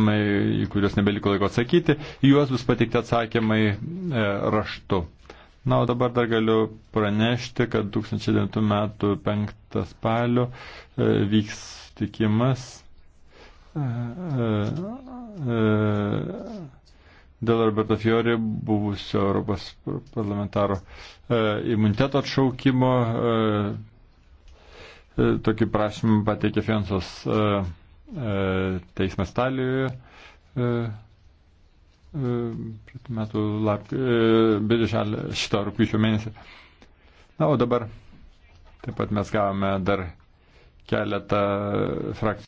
į kuriuos nebeliko laiko atsakyti, juos bus pateikti atsakymai e, raštu. Na, o dabar dar galiu pranešti, kad 2009 m. 5 spalio e, vyks tikimas e, dėl Roberto Fiori, buvusio Europos parlamentaro imuniteto atšaukimo. Tokį prašymą pateikė Fiansos. E, teismas Italijoje e, e, praeitų metų birželio šito rūpiučio mėnesį. Na, o dabar taip pat mes gavome dar keletą frakcijų.